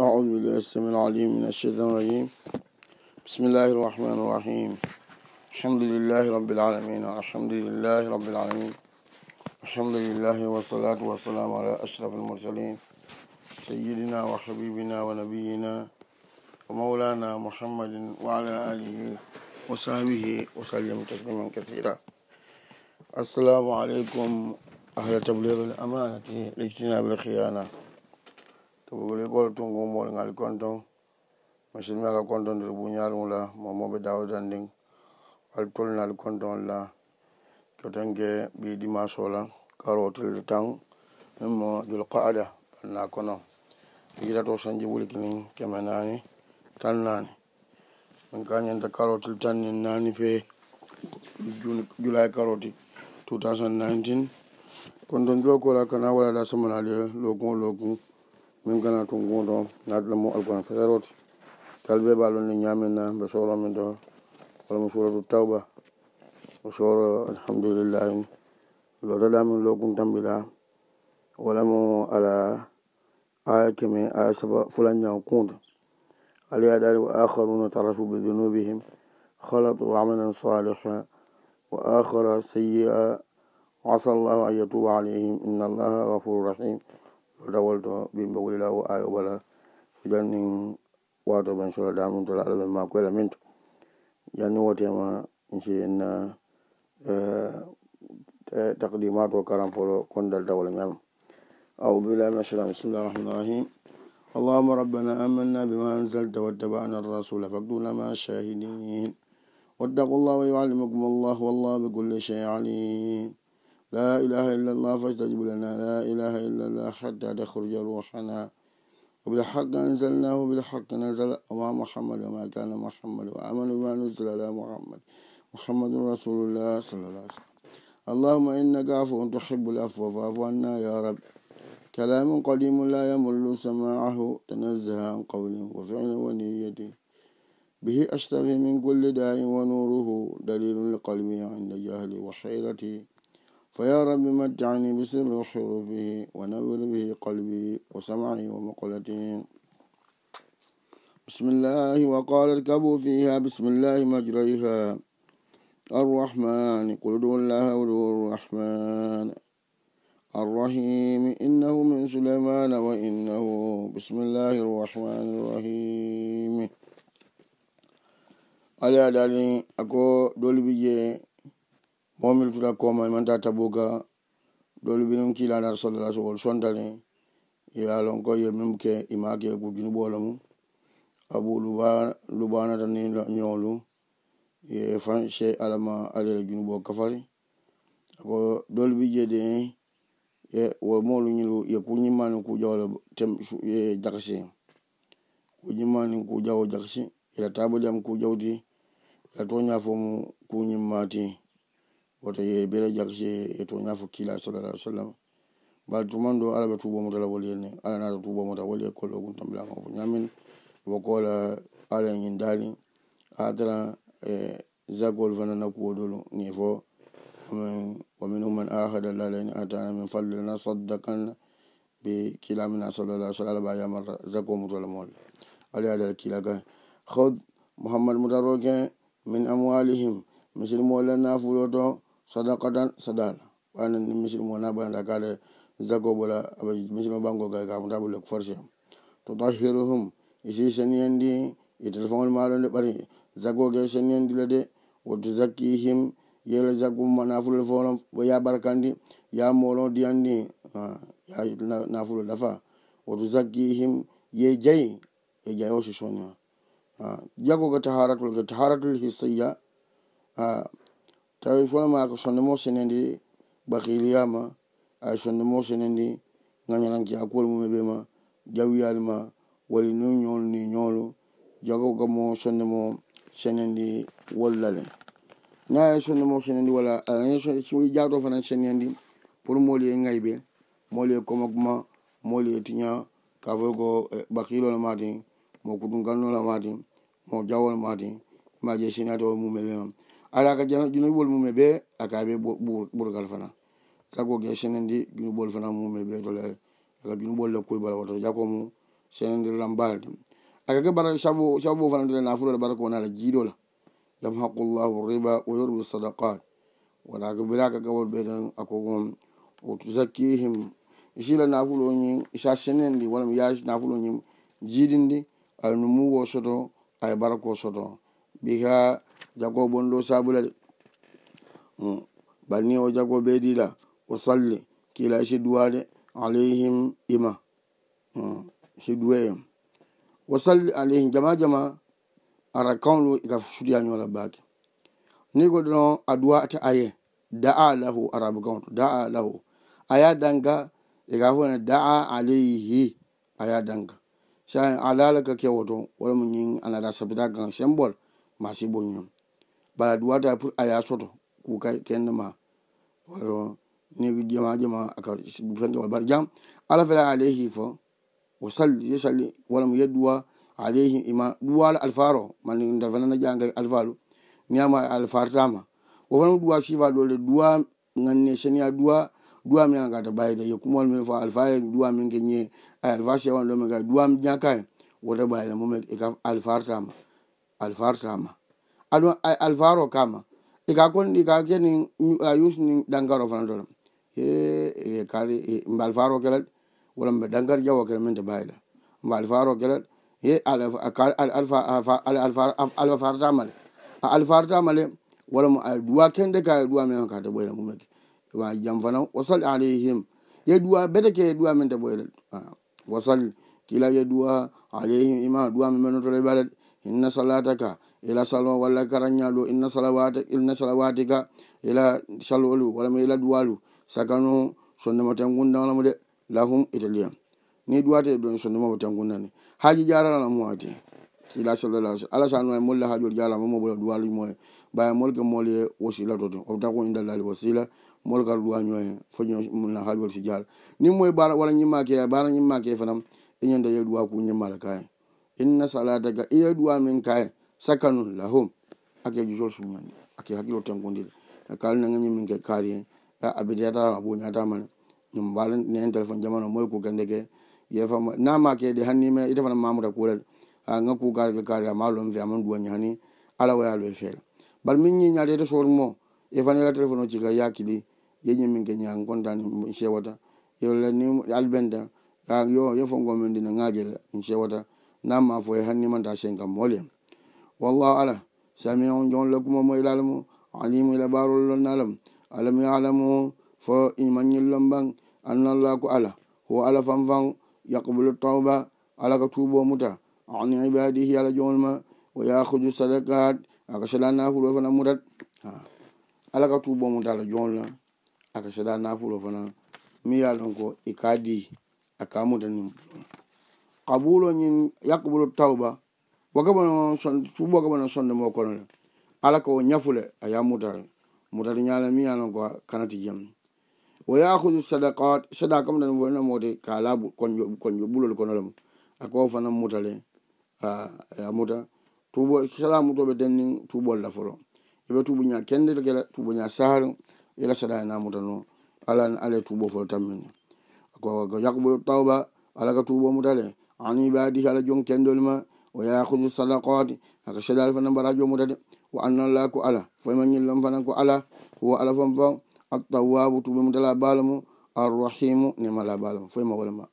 أعوذ بالله السميع العليم من الشيطان الرجيم بسم الله الرحمن الرحيم الحمد لله رب العالمين الحمد لله رب العالمين الحمد لله والصلاة والسلام على أشرف المرسلين سيدنا وحبيبنا ونبينا ومولانا محمد وعلى آله وصحبه وسلم تسليما كثيرا السلام عليكم أهل تبليغ الأمانة لاجتناب الخيانة to ɓe wuli gol tungu mol ngal konton machine maga konton nder buñal mula mo moɓe dawatan ndin wal tolnal konton la ketonke ɓi dimasola karotilde tan min mo julka ada panna kono yirato sanji wulki min keme nani tan nani min kañanta karotil tan nin nani fe july karoti 2019 konton jokola kana wala da samanali lokun lokun من قناة تنقون دو نادل مو القناة فتروت تلبي بالو ني نيامنا بسورة من دو ولم سورة التوبة وسورة الحمد لله لو دا من لو كنت بلا ولم على آية كمي آية سبا فلان نيام كونت علي أدار وآخرون ترفوا بذنوبهم خلطوا عملا صالحا وآخر سيئا عسى الله أن يتوب عليهم إن الله غفور رحيم rawol to ɓimɓe wulilawo ayo wala jannin wato ɓen sola damum tola alaɓen mako ela min to janni wotema jen e, e, taqdimato karampolo kondal dawol ñam أعوذ بالله من الشيطان بسم الله الرحمن الرحيم اللهم ربنا آمنا بما أنزلت واتبعنا الرسول فاكتبنا مع الشاهدين واتقوا الله ويعلمكم الله والله بكل شيء عليم لا إله إلا الله فاستجب لنا لا إله إلا الله حتى تخرج روحنا وبالحق أنزلناه بالحق نزل وما محمد وما كان محمد وآمن بما نزل على محمد محمد رسول الله صلى الله عليه وسلم اللهم إنك عفو تحب العفو فاعف عنا يا رب كلام قديم لا يمل سماعه تنزه عن قول وفعل ونية به أشتغي من كل داء ونوره دليل لقلبي عند جهلي وحيرتي فيا رب متعني بسر حروفه ونور به قلبي وسمعي ومقلتي بسم الله وقال اركبوا فيها بسم الله مجريها الرحمن قل ادعوا الله ودعوا الرحمن الرحيم إنه من سليمان وإنه بسم الله الرحمن الرحيم على دالي أكو دول بيجي momil tuda komal man tata boga dolu binum kila dar sallala so wol sontane yalon ko ye mumke imake ku jinu bolo mu abu luba luba na tan ni nyolu ye fan she alama ale le jinu bo kafari ko dolu bi jede ye wo molu nyilu ye ku nyimanu ku jawlo tem ye jaxi ku nyimanu ku jawo jaxi ila tabo dem ku jawdi ila to nyafo mu ku nyimati wata ye bela jakse eto ñafo kila sallallahu alaihi wasallam bari tuman do ala be tubo mota la wali ne ala na tubo mota wali ko lo gun tambila ko ñamin wo ko la ala ñin dali adra e zagol fana na ko dolo ni fo ومنهم من آخر الله لئن آتانا من فضل لنصدقن بكلا من صلى الله عليه وسلم بعد يوم زكو مطلمون على هذا الكلا خذ محمد مدروك من أموالهم مثل مولا نافلوتو sadaka dan sadala ɓana misil mo na ɓana da kada zago bola aba misil mo bango ga ga mutabu le forse to ta hiru hum isi sen yandi i telefon wal maro ne bari zago ga sen yandi le de wotu zaki him yele zago ma na fulu forum bo ya barkandi ya moro diandi ya na fulu dafa wotu zaki him ye jai ye jai o shishonya jago ga taharatul ga taharatul hisayya tawi fonoma ko sonde mo sene ndi bakiliyama ay sonde mo sene ndi gañananki hakkuol mum e ɓema jawyalima wali no ñoolu ni ñoolu jago gammo sonde mo sene ndi wollale naye sonde mo sene ndi wala jaato fana sene ndi pour mooli e gayɓe mooli e komakuma mooli e tiña kafoy ko bakilola mati mo kutunganola mati mo jawol mati ma je sene atawol mum e ɓema ala ka jana junubol mume be akaɓe ɓurgal fana kago ge senedi junubol fana mume be tole aka junubol le koy bala wato jakomu senedirlam balde akake bara sabobo fana tole nafulola bara ko wonala jiidola yamhaqu llahu riba wa yurbi sadakat wala ka bela ka gawol ɓe tan akogon o tusakkihim isila nafulo ñi isa senendi wala mi ya nafulo ñi jiidindi aye numugo soto aye bara ko soto bi ha jagobon ɗo sabulal banni o jago be dila o salli kila hiduwade alayhim ima hiduweyem o salli alayhim jama jama ara kawɗo ika sudiya ñola baake ni goɗo no aduwata aye daa lahu arabu kawto daa lahu aya danga ega fone daa alayhi aya danga sa alalaka kewoto wolmo ñin anara sabita gan sembol ma siboñon bala ɗum wata pour aya soto kuka kendema waro ni jema jema akafengewal bar jam ala fela alayhi fo o salli ye salli walamo yedduwa alayhi ima ɗum wala alfaro mani dar fenana jangay alfalu niyama alfartama o fanam ɗuwa sifa ɗole duwa ganne senia duwa duwa mi angata bayde ye kumol me fo alfaye duwa min ke ñe ay alfa sewan ɗo me ga duwa ñakaye wota bayde mome e ka alfartama alfar sama alvaro kama ika kon ika keni ni ayus ni dangaro fana dolam e e kari mba alfaro kelal wala mba dangar jawo kelal min tabayla mba alfaro kelal ye alfa alfa alfa alfa alfa alfa alfa wala mu duwa kende ka duwa men ka tabayla mu meke wa jam fana wasal alaihim ye duwa bete ke duwa men tabayla wasal kila ye duwa alaihim ima duwa men no tabayla inna salataka ila salwa walla karanñaɗo inna salawat inna salawatika ila salwolu walama ila duwalu sakano sondema tengundanamu de lahum italien ni duwate ɗon sondemamo tengundani haji jaralana muwate ila sall ala sanua molle hajol jarama mobola duwalumoe baya e molke molye wasila toto otako indallali wasila molkar duwañoe foño na hajol si jara ni moye bara wala ñimmakeya bara ñimmake fanam eñandaye duwa ku ñimmala kaye inna sala daga iya duwa min kai sakanu lahum ake jujol su yanni ake hakilo tangundi da kali na ganyen min kai kari ya abidi ya ta rama bonya ta mana nin balin ne yan telefon jamana mai ku kan dake ya fa na ma ke da hanni mai ita fa ma mu da kore a nga ku kari ga kari ma lo mvi amun duwa nyani ala waya lo fe bal min nyi nyade to sor mo ya fa ne telefon o ciga ya kidi ya nyi min kenya ngon dan shewata yo le ni albenda ya yo ya fo ngom ndina ngaje shewata namma fo hannima da sen kam moolem wallahu ala sami on jon la kuma mo ilal mo alim ila barul lon alam alam ya alamu fo imanil lombang annalla ko ala ho ala fam fam yaqbulu tawba ala ka tubo muta an ibadihi ala jonma wa yakhuju sadaqat aka shala na fulo fana mudat ala ka tubo muta ala jonla aka shala na fulo fana mi yalon ko ikadi aka mudanum qabulo ñin yakbulu tawba wagabanoɓogabano sonde mo konole ala ko ñafule aya mutal mutal ñala miyanon ko kanati jam wa yakudu sadakat sadaka mtanmote kala konjo ɓulol konolem ako fana mutale aya muta tubo sala mutoɓe denni tubol lafolo eɓe tuubo ña kende kela tuubo ña saharu ila saɗa ena mutano ala ala e tuubo folo tammini ko yakbulu tawba alaka tuubo mutale عن عباده على جون كندول ما وياخذ الصدقات هكذا شدال فنبرا جون مدد وأن الله كو على فمن يلم فنكو على هو على فم فم التواب توب مدلا بالم الرحيم نملا بالم فما ولما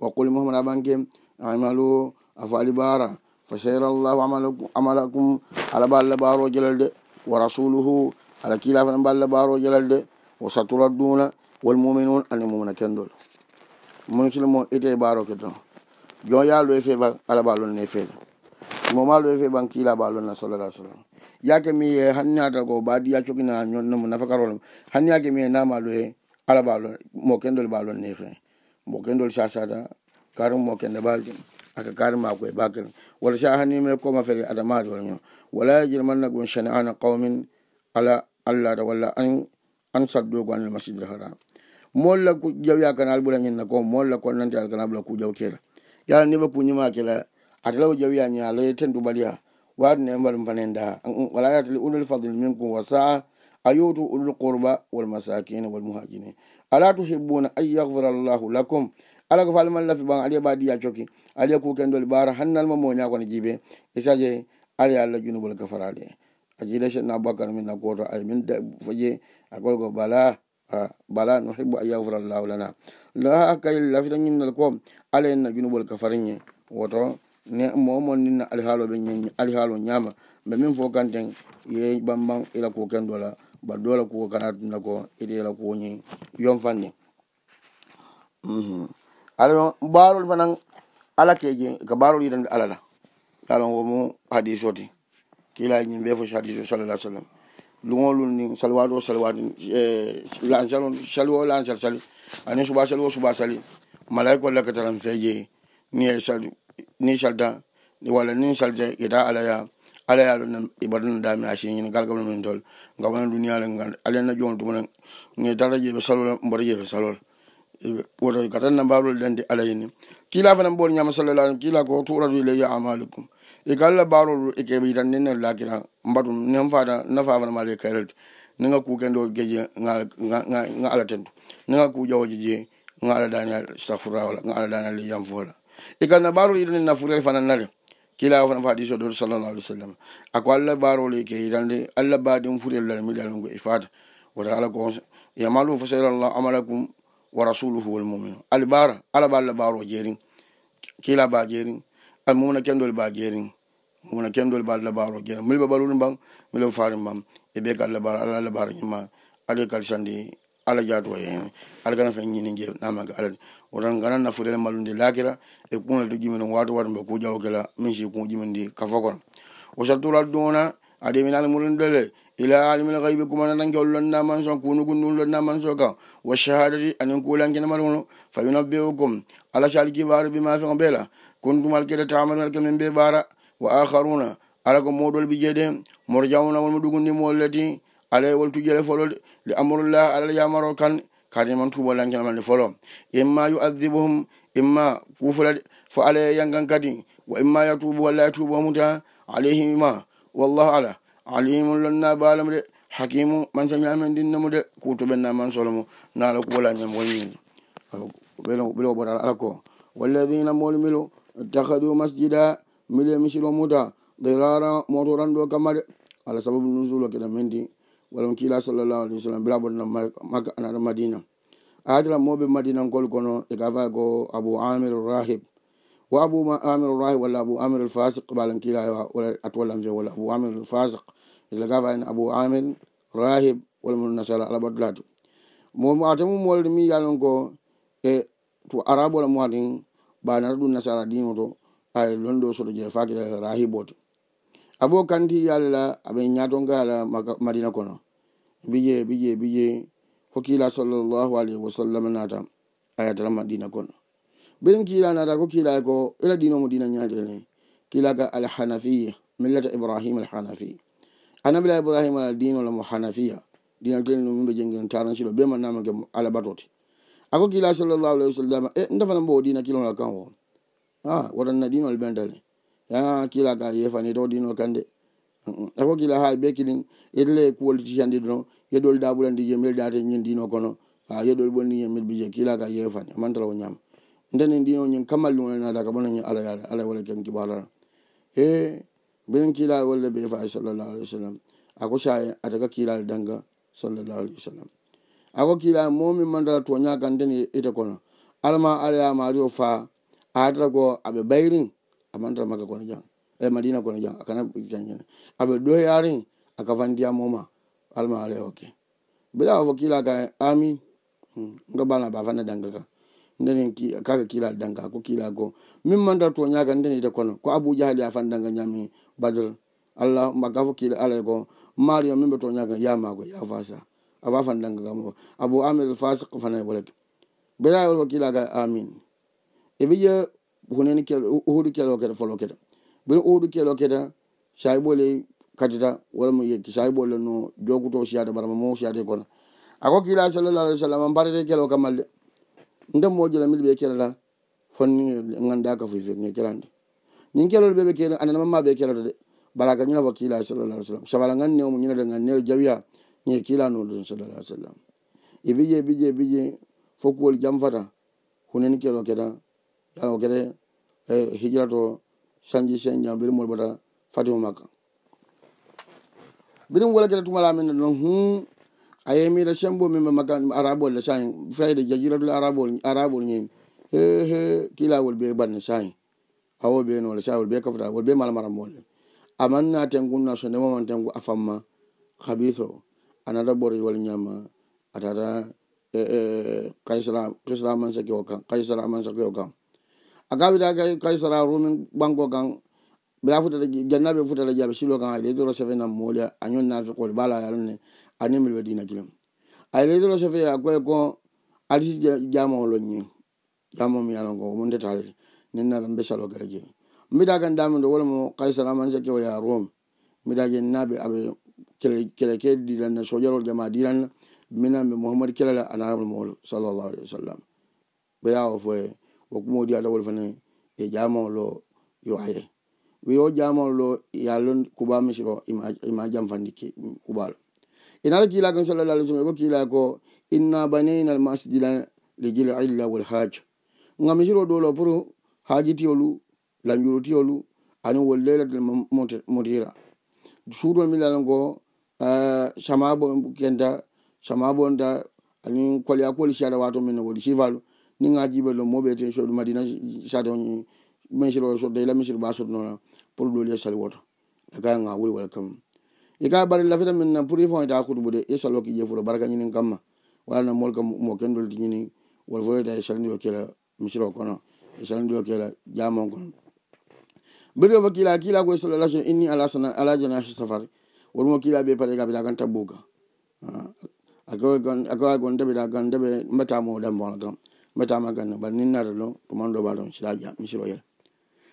وقل محمد أبانكم عملوا أفعل بارا فسير الله عملكم عملكم على بال بار وجلد ورسوله على كلاف بال بار وجلد وسطر الدون والمؤمنون المؤمنون كندول monitile mo ete baro ke ton jon ya lo efe ba ala ba lo ne fe mo ma lo efe ban kila ba lo na solo la solo ya ke mi e hanni ata ko ba di ya chokina nyon no e na fakarol hanni ya ke mi na ma lo e ala ba lo mo kendo ba lo ne fe mo kendo e sa sa da karum mo kendo ba lo aka karum ma ko e ba ken wala sha hanni me ko ma fe ada ma lo nyon wala jirman na gun shana'ana qaumin ala alla da wala an an saddo gwanil masjidil haram molla ku jaw yakanal ɓura ñinna ko molla ko nanti alkana ɓula ku jaw kela yala niɓa ku ñima kela atalaw jaw ya ña lay ten tubaliya waɗu ne mbaɗum fanen da wala yatali unul fadl minkum wa saa a yutu ulul qurba wal masakin wal muhajine ala tuhibuna an yahfira llahu lakum ala ko falmal lafi ɓan aliya ɓaɗi ya coki aliya ku kendol ɓara hannalma moña kono jibe isaje ala allah junubol gafarade ajiɗa sheɗna aboubacar minna goto ay min faje akolko bala bala nuhibu an yafura llahu lana laha kayl lafitañinnal ko ala enna junuɓol ka farñe woto ne momonninna alihaaloɓe alihaalo ñama mbe min fo kanten ye bambam ila ko kendola ba dola kuo kanatuna ko ite ila kuoñi yonfande mhm. ala baarol fanan ala keje ka baarol yitande ala la alao mo hadis oti kilañi mbe fo hadis sallalah sallam lugolu ni saliwado saliwadi e, lansalo saliwo lansal sali ani suba saliwo suba sali malaiko lakatalan feje ni e sali ni salda wala ni salda ita e alaya alaya lo na ibadan na dami ashi ni gal gabon min dol gabon duniya la ngal alena jon tumana ni daraje be salol mbare je be salol wodo katan na babul dande alayni kila fa na bol nyama sallallahu alaihi wasallam kila go tura bi la ya amalukum igalla baroɗo e keɓe yitan nene lakira mbaɗu nen fata nafaman maɗa e kayrede nega kukendo geje ga alatento nega ku ƴawoje je ga ala dani stafura wala ga ala dani alla e yamfola igalla e baroɗo yitan nen nafurere fananare kilawa fana faɗi soɗo sallallah alih w sallam ako allah baarole ke hitande allah baɗin um furiallah miɗalongo e fata wota ala ko yamalu fasalallah amalakum wa rasuluhu walmuminu ali baara ala ba allah baaro jeerin kila ba jeerin ay mumna kendol ba gerin mumna kendol ba labaro gen mil ba balun bam mil farin bam e be gal labar ala labar yima ala kal sandi ala jatu yen ala gana fen nyini ge na maga ala wadan gana na fudel malunde lakira e kuna du gimen watu watu ba ku jawgala min shi ku gimen di kafakon o shatu ra dona ade min ala mulun dele ila alim al ghaibi kuma nan ge ollon na man so kunu gunu ollon na man so ga wa shahadati anin kulan gena malunu fa yunabbiukum ala shalki bar bima fi bela kuntumal keɗe tamanal ke min be ɓara wa aharuna ala ko moɗol bijeɗe moto jawna wonmo ɗugundi mool leti ala e wol tujjele folol li amrullah alal yamaro kan kadiman tubalankenamalde folo imma yuadibuhum imma kufula fo ala e yangan kadi wa imma yatubu walla yatubuhum ta alayhima wallahu ala alimum lonna balamu de hakimu man sami amen dinnamu de kutuɓenna man solomu nala kuwolañam woyi ɓeɗo ɓoɗal ala ko wallahina molumilo اتخذوا مسجدا ملي مشرو موتا ضرارا موتوران دو كمار على سبب النزول وكذا مندي ولم كيلا صلى الله عليه وسلم بلا بدنا مكة أنا المدينة أجل موب مدينة كل كنو إكافا أبو عامر الراهب وأبو عامر الراهب ولا أبو عامر الفاسق بلن كيلا ولا أتولى مزي ولا أبو عامر الفاسق إلا كافا أبو عامر الراهب ولا من نسال على بدلاته مو معتم مولد مي يالنكو e to arabola mo waɗin banata ɗum nasara dino to ay londo soto je fakira rahiboto abo kanti yalla aɓen yatongala madina kono bije bije bije hokila sallallahu alayhi wasallam nata ayatara madina kono ɓeɗen kila nata ko kila ko ela dinomo dina yatene kilaka alhanafiya millata ibrahim alhanafi anabila ibrahim aladinolamo hanafiya dinatenoɓe jengen taranciɗo ɓe mannamake alabatote ako kila sallallahu alaihi wasallam e nda fana mbo dina kilo kan wo ah wala na dino al bendal ya kila ka ye fani to dino kande ako kila hay be kilin edle ko wolti jande do yedol da bulandi je mel da te nyin dino kono ah yedol bonni je mel bije kila ka ye fani man tala nyam ndene dino nyin kamal no na da ka bonni ala ya ala wala ken kibala e ben kila wala be fa sallallahu alaihi wasallam ako sha ataka kila danga sallallahu alaihi wasallam a ko kiila momin mandala to ñagandeni ite kono alama alaya mario fa a hatata ko aɓe bayrin a mandala makka kono jang e madina kono jang a kanaan aɓe ɗoyarin aka fandiya moma alama alaya ok bila fo kiila ka ami hmm, nga bana ba fanna danga ka ndenin ki kaka kila danga ko kila go min manda to nyaka ndeni de kono ko abu jahali ya fanda nga nyami badal allah makafu kila ale go mari min be to nyaka ya mago ya fasa aba fandangagamo abu amir fasik fanay e bolek bela yol wakila ga amin ebije hunen kel uhudu kel oket folo ket bir uhudu kel oket shay bolay katita wala mu yek shay bolen no joguto shiyata barama mo shiyata kon ako kila sallallahu alaihi wasallam barede kel o kamal ndam mo jela milbe kel la fon nganda ka fu fi ngi kelande nin kelol bebe kel anana mabbe kelode baraka nyina wakila sallallahu alaihi wasallam shabala ngan ne mo nyina de ngan ne jawiya ñe kilanoɗon salalah ai sallam i biƴe biƴe biƴe fokkuwol jamfata hunen keɗo keɗa yano keɗe e hijira to sanji sen jam birimol bata fatimo makka birim wola keɗa tumalamin noon hu a yemiɗa sembo mimɓe makka arabol le sai fayde jajiratul arabol arabol ñin he he kilawol be banne sai awo be nole sawol be kafata wol be malmaramolle amanna tengunna so ndemoman tengu a famma habiseo anata ɓorewal ñama atata kaysaramansakio kan kaysaramansakio kan akabita kaysara rumin ɓanko kan ɓeya futata jannaɓe futata jaɓe silo kan aletro sefe nan moole añon nafikole bala yarne animelɓe dina kilim aletro sefe akoye ko alisi jamolo ñi jamomi yalonko omontetalet ninnaa mbe salo gelje mbida kan damido wolemo kaysaramansakio ya rum mbida jennaɓe aɓe keleke dilanna sojarol jama dilanna minanɓe mohamadi kelala anaramolmool salllahu alih wa sallam ɓeyawo foye wokumodi adawol fane e jamolo yoaye wiyo jamolo yallo kuba misiro ima jam fandiki kubalo inara e kilakon salllah alih sallam ko e kila ko inna banina almasjida lijil illa walhaj ga misiro ɗolo pour hajitiyolu lanjurutiyolu ani wol lelatel motira suuromilalgoo samabo kenta samabo nta ani koliya koli siyata wato min wodi sifalu ni ga jibe lo mo ɓeten soɗu madina sate oñi misir o sodda ila misir ba sodnona pour ɗoliya sali woto akaa e ga wuli wala kam e ka bari lafita min na pour ifo ita kutubu de i salo ki jefuro baraka ñinin kamma walana mol ka mo ken dolti ñini wala foota e salindio kela misir o kono e salindio kela jamon kono mbiri o fo kiila kiila ko e sollo lasio inni ala sana ala jana safari wonmo kila be paɗe ga ɓe dagan tabboga akawa ah, gon dabe dagan dabe mbatamo dambona gam mbatama gan bar ninnata ɗo tomanɗo ɓa ɗon siɗaƴa misiro yata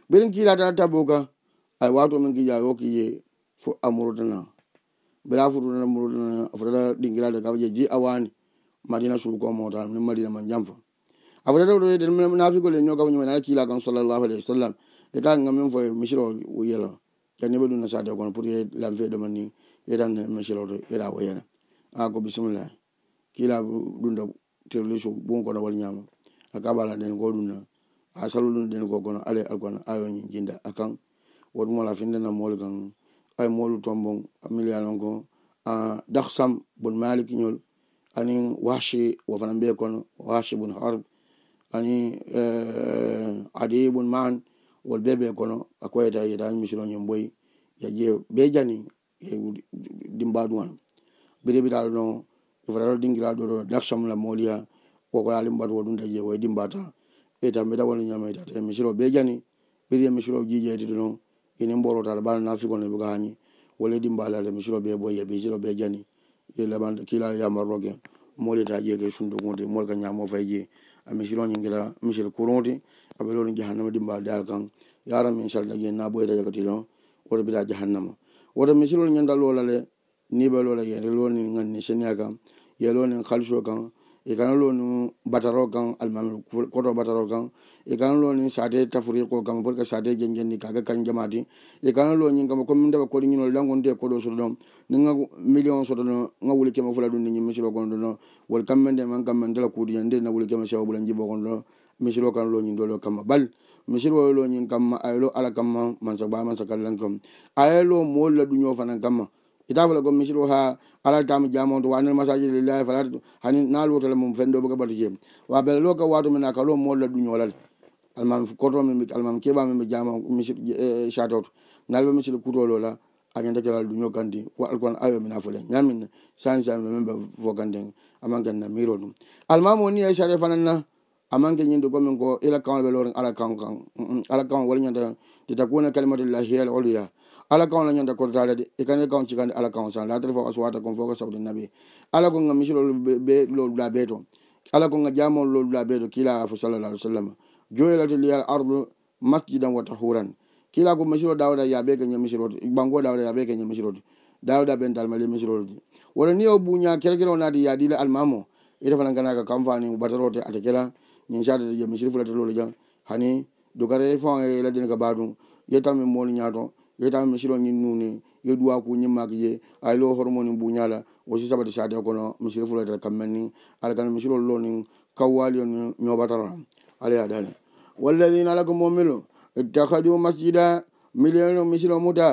ɓeɗen kila tata tabboga a wato min kija yo kije fo amurdana ɓeɗa fotuɗana murdana afotata ɗingirade kafa je ji awani madina suko motal min madina man jamfa afotata ɗo yeden nafigole ño kafa ñumen ala kila kan sallallahu alahi wa sallam e kaga gamin foye misiro yela yani ɓe ɗum no sade kono pour lamfe ɗo man ni yetan monsieur lawto yeɗa wayana a ko bisimilla kila ɗum ɗo terlis ɓum kono wal ñama a kaɓala ɗen ko ɗum na a salu ɗum ɗen ko kono ale alkono ayoñi jinda a kan wotmola findana moolu kan ay moolu tombon milianon ko a dak sam bon malikiñol ani wahshi wo fanan ɓe kono wahshi bon harb ani eh, adi bon mane wol beɓe kono a koyata yetani mission ñum ɓoyi ya ƴeew ɓe jani e dimbaɗum an birebiraɗo no ifatata e dinguiraɗo ɗo daksam la moliya kokola limbat wo ɗum ta ƴeewo e dimbata eta mbeta wona ñamaytata e misiro ɓe jani ɓiri e misiro jijeytiɗo noon ini mborota ɗo ɓana nafigono ɓe gani wolle dimbalade misiro ɓe ɓoyi e misiro ɓe e jani e laɓan kila yamarroke moliyata ƴeeke sundugode molka ñamo fayje a misiro ñinguita michel courante aɓe lorin jahannama dimbaal daal kan yaran min sal dagi na boyda jagati lon wota bila jahannama wota min silol ñanda lolale niɓe lola yere lonin ganni senia kan ye lonin haliso kan e kana loni bataro kan almami koto bataro kan e kana loni sate tafri ko kama pour que sate jenjendi kaga kañ jamati e kana loñin kama comme min daɓa koɗi ñinol dangonte koɗo soto ɗon ninga million soto no ga wuli kema fula ɗum ni ñimmi silo gonɗo no wol kammende man kammen dala kuudi ñande na wuli kema sewa ɓula jibo gonɗo no misiro kan loñin dolo kamma bal misiro wo loñin kamma aye lo ala kamma mansa ba mansa kallan kam aye lo mool la duño fanan kamma ita fala ko misiro ha alaltama jamonto wa nel massaji lillahi fala hani nalotala mum fendo boga batu jeem wa bel lo ka watu mena ka lo mool la duño lal almam koto mi mi almam keba mi mi jamon misir chatot eh, nalbe misir kuto lola agenda kala duño kandi wa alquran ayo mena fule nyamin san san mi mbe fo kandi amanga na miro dum almam woni e sharefana na aman ke ñinde gomin ko ila kaŋol ɓe lor alakaŋo kaŋ alakaŋo wala ñanta dita kuna kalimatullahi alolya ala kaŋo mm, mm, la ñanta kotataale de i kana kaŋo cikandi ala kaŋo san latare fo aswata kon fo ka sawdi nabi ala ko ga misilol be lolu la bee to ala ko ga jamol lolu la bee to kila fo salalla alih w sallam joyelati liya al ardu masjidan wa tahuran kila ko misiro dawda ya ɓe keñe misiroto bango dawda ya ɓe keñe misiroto dawda ɓen talma le misiroloti wala ni o buña kerekere o naati yadila almamo ita fana ganaka kam fani batarote ata kela ñiŋ sa de jemi siri fulata loolu jaŋ hani dogara i faŋo ye i la dene ka baa duŋ ye taŋ meŋ moolu ñaato ye taŋ meŋ siroŋ ñiŋ nuuni ye duwa ku ñiŋ maaki je a ye loo horomoniŋ buuñaa la wo si sabati saate kono misiri fulata kammeŋ niŋ ala kana misiroolu loo niŋ kawwaaliyo niŋ ñoobatara ala ye a daani walladina alaka momilu ittahaduu masjida miliyonu misiro muta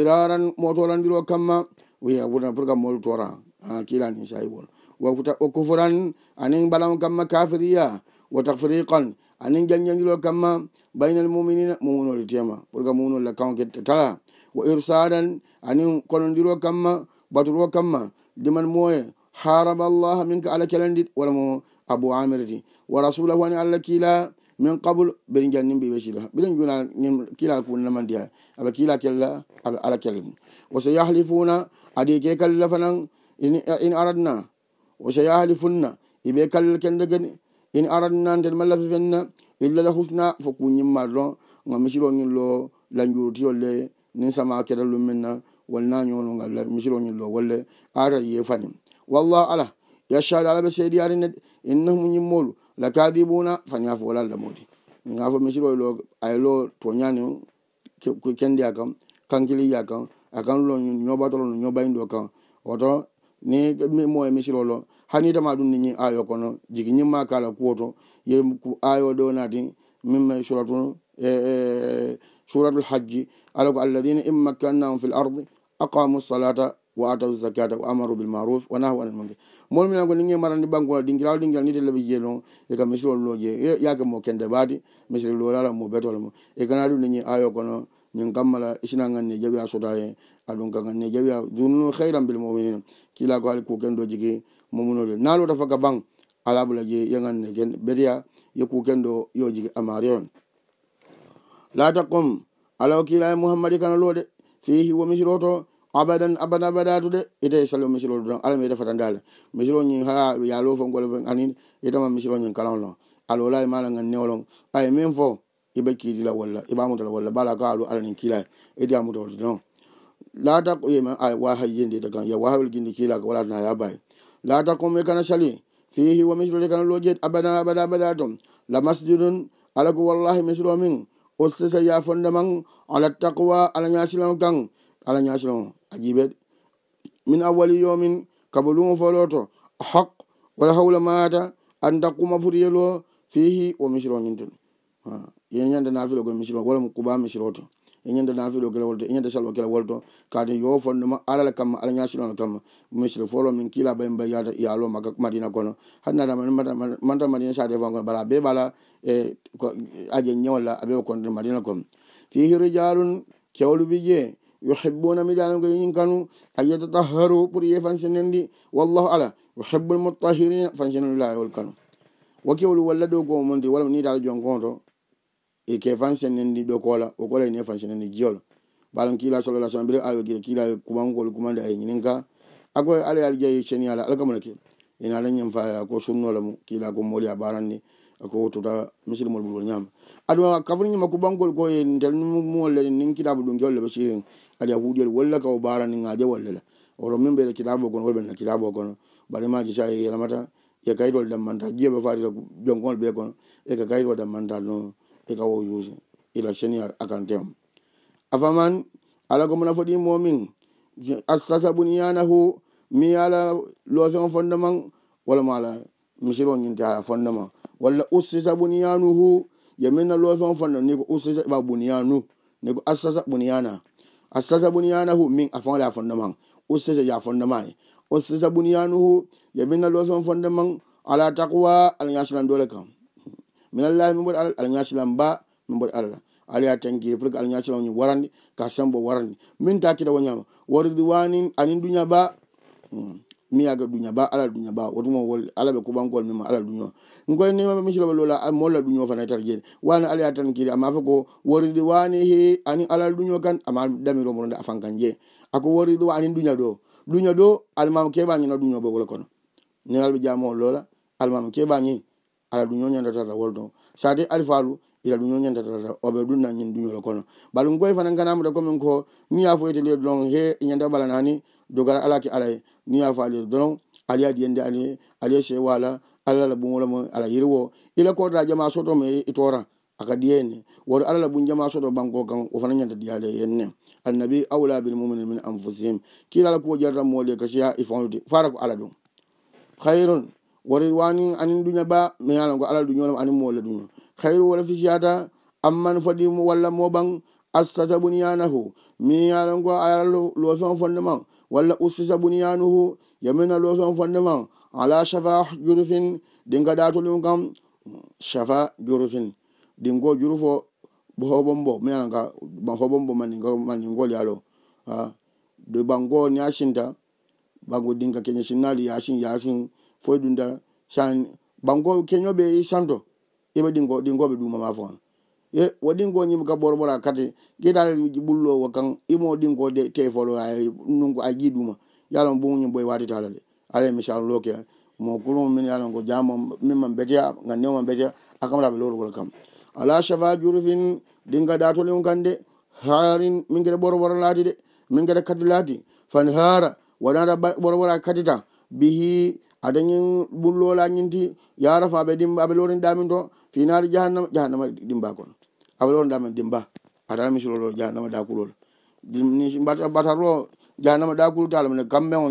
iraran mootolandiroo kamma wiyabuna pour ka moolu toora ah, kiilaniŋ sayibol wa futa o kufuran aniŋ balaŋo kamma kafiriya wa tafriqan anin janjanjiro kamma bayna almuminina muminole tema pourque muminole kawkete tala wa irsadan anin konodiro kamma baturo kamma diman moye haraba allah minka allah kelandi wala mo abou amirdi wa rasulahu ani allah kiila min qabul beɗen jannin ɓe ɓesila ɓeɗen juna kiila kunnamandiya aɓa kiila kella aɓa ala kella woso yahlifuna adi ke kallila fanan in aratna woso yahlifunna iɓe kallil kendegani hin aratnanten malla fefenna illa la husna fo ku ñimmatɗo ga misiroñinlo lanjurutiyolle nin sama keɗallum minna wallañonogal misiroñinlo walle aratye fani wallahu ala yashaɗe alaɓe seedi ari ned innahmu ñimmolu la kadibuna fani a fo wala lamodi ga fo misiroylo aylo toñani kendi a kam kankiliya kam akan lo ñobatolo no ñobayndo kam oto ni mo e misirolo hanidama ɗum ni ñi ayo kono jigi ñimma kala kuwoto ye ko ayo ɗo naati mimma suratu e, e, suratul hajji ala ko alladina in makkannahum fi l ardi aqamu salata wa atau zakata wa amaru bilmaruf wa nahwa anil munkar mol mi nanko ningi marandi bankola dingiral dingiral nite lebe jeno e ka misiro lo je yake mo kende badi misiro lo lala mo betol mo e kana dum ningi ayo kono nyin kamala isina nganne jabi asoda e adun kanganne jabi dunu khairan bil mu'minin kila ko al ku kendo jige momunole naloota faga ban alabula je yaganne ken beriya yeku kendo yojigi amari on lata kom ala wakila e muhammadi kana loode fihi wo misiroto abadan abada abadatu de ite salo misiroto don alam ite fatandale misiro ñin ha yalo fo ngole fo anin itama misiro ñin kalan lon alola e mala ngan newlon aye min fo ibe kiri la walla ibamutala walla bala ka alu alanin kila ite amutorto don lata ko yema ay wa hayyinde de kan ya wa hawil gindi kila ko wala na ya baye la takum kana sali fihi wa misrule kana loje abada abada abada tom la masjidun alagu wallahi misro min ossesa yafonde man ala taqwa ala ñasilon kan ala ñasilon ajibet min awali yomin kabulumo foloto haq wala hawla mata an takuma furiyelo fihi wa misro ñinten yen ñande nafilogol misro walam kuba misroto e ñande nafiɗo gila wolto e ñande salwa gila wolto kadi yofondema alala kamma ala ñasinono kamma misle folo min kiila ɓay mbay yaata yaalo makka madina kono hannara manta madina sade fa kono bala be ɓala e aje ñewolla aɓe konde madina kon fihi rijalun kewlu bi je yuhibuna midanoko yin kanu ayetatahharu pour ye fansenendi wallahu ala yuhibu lmutahirina fansenendi layol kanu wa kewlu walla ɗo gomondi walla ni taala jonkonto e ke fansenendi ɗo kola o kola ine fansenendi jiyol balam kila sola la sona bire awe gira kila kumangol kumande ay ñinin ka ako ala yal jeyi ceni ala ala kamuna ke ina ala ñam faya ko sunnola mu kila ko moli a barandi ako tota misil mol bulol ñam aduma kafuni ñama kubangol ko e tel mumolle nin kitabu ɗum jolle ba sirin ali a huɗiyol walla ka o barani ngaje walle la oto min ɓele kitabo kono wol ɓe na kitabo kono balimaji sa yelamata ye kayitol dammanta jiyoɓe fatira jonkol ɓe kono e ka kayitol dammanta noo ɓe ka woyuse ilachani akantem afaman ala gomana foɗi momin assasabun yanahu mi ala losego fondeman walla ma ala misiro ñinte a fondema walla ussisa buniyanuhu yamina loso fonde ni ko ussisa ɓa buniyanu ni ko assasa buniyana assasa buniyanahu min a fonla fondeman ussisa ya fondema ussisa buniyanuhu yamina loso fondeman ala taqwa ala ñasilan dole kam minal laami min mboɗi alah alah ñasilam mba min mboɗi alah alaya tankiri e pour que alah ñasilam ñu warandi ka sembo warandi min takkita woñama warudwani anin duña ba hmm, miyaga duña ba alah duña ba wotumo wolde alah ɓe kuɓankol mima alah duño goy nima misilaɓa lola molla duño fana tar jeeni wani alaya tankiri ama fa ko warudwani he anin alah duño kan ama damiromoronde afan kan jee ako warudwa anin duña ɗo duña ɗo almama keɓañina duño ɓe wola kono niralɓe jamowo lola almama keɓañi ala ɗum yoñandatata wol ɗon sade alifalu ila ɗum yoñandatata oɓe ɗum nañin duñol kono balum goye fana ganamuɗa komin ko niya fo ete leydi ɗon he e ñande bala nani dogara alaki alay e, niya fo aleydi ɗon aliyadi yende ali e, aliya se wala alalah ɓumwolam ala yirwo ila koda jama sotome itora aka diyenne woto alalah ɓum jama soto banko kan o fana ñanta diyale yenne annabi aula bil muminin min anfusihim kila ala kuwo jarta mole kasiya ifonude fara ko ala ɗum hayron wori wani anin duña ba miyalan ko alal duñolam anin mo walla duñol hayru wala fisiyata amman fodi mo walla moɓan assata buniyanahu miyalan ko ayala lofen fondement walla ussita buniyanuhu yamina lofen fondement ala shafa jurufin dinga ɗatolum kam shafa jurufin dingo jurufo hobombo miyalanka hobombo maningol yalo ɗo ah, bango ni asinta bango dinga keñe sinnali yasin yasin foy ɗum da san bango keñoɓe sando yeɓe ɗingo ɗingoɓe ɗuma ma foon e waɗingo ñimi ka ɓoro ɓora kate gueɗaleji ɓullowo kan imo ɗingo de tefolo a nungo a ji ɗuma yalam bo ñim boy watitala de ala misal loke mo kurum min yalam ko jamo minma mbeteya gandema mbeteya akamaɗaɓe lorogol kam ala chafa jurfin ɗinga ɗa tole on kande harin min gueɗe ɓoro ɓora laati de min gueɗe kadi laati fan hara waɗaɗa ɓoro ɓora kadita bihi adañin ɓullolañinti yarafa aɓe dimba aɓe lorin ɗamin to finaari jahannama jahannama dimba kon aɓe lorin ɗamin dimba ata misilolo jahannama dakulol batatro jahannama dakulu talamine kammeo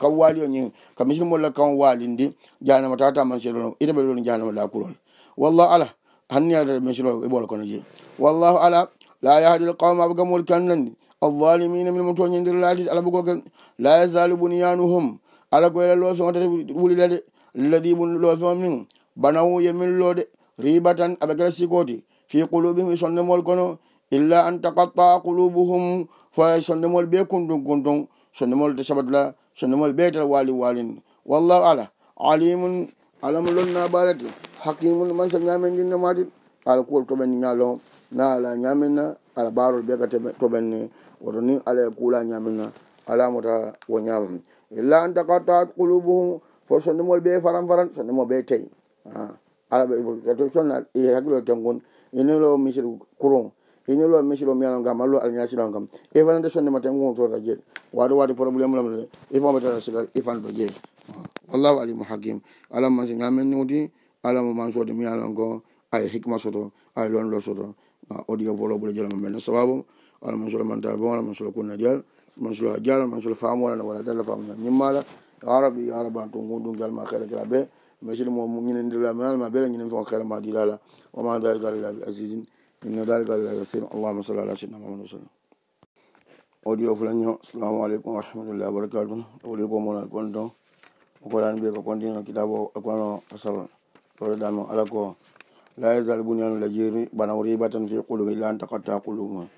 kam waali o ñin ka misilmolla kan waalindi jahannama tatamman seeɗono itaɓe lorin jahannama dakulol wallahu ala hanniyatata misilo e ɓoola kono je wallahu ala la yahdil qawma aɓe gamol kannandi alzalimina min mo toñidir laatid alaɓe goken la yazalu buniyanuhum ala goyla loson tati wulilade lladi mun loson min banawu yemillode ribatan aɓe gara sikoti fi qulubihim sondemol kono illa an takattaa qulubuhum fa sondemol be kundun kundun sondemol te sabatla sondemol be tal walin walin wallahu ala alimun alamlon na balati hakimun mansa ñamen ndinne mati ala kuwol toɓen ñalo na ala ñamenna ala barol ɓeka toɓenne woto ni ala e kuula ñamenna alamota wo ñamam illa an taqataat qulubuhum fo sonnimol ɓe faran faran sonnimo ah, ɓe tey hakkilo tengon inilo misir kuron inilo misir miyano gam allo alñasino kam ifanande e sonnima tengon tota jeeɗ waɗo waɗi probléme lam ifamatata e siga ifanɗo e jeeɗ ah, wallahu alimu hakim ala masi gamen nodi ala mo mansode miyanon ko ay hikma soto ay lonlo soto ah, audio bolo ɓole jelamaɓenno sababu ala mansola mantaa bon ala mansola kunna diyal mansulo hajara mansulo faamu wala wala dalla faamu ñimmala ya rabbi ya rabbi antum gundum galma khaira kala be مثل مؤمنين دلا من ما بلا نين فوق خير ما دي لا وما ذلك الا بعزيز ان ذلك لا يسير اللهم صل على سيدنا محمد وسلم audio fulanyo assalamu alaikum warahmatullahi wabarakatuh tole ko mona kondo ko lan be ko kondo kitabo akono asal tole damo alako la yazal bunyan lajiri banawri batan fi qulubi la an taqatta qulubuhum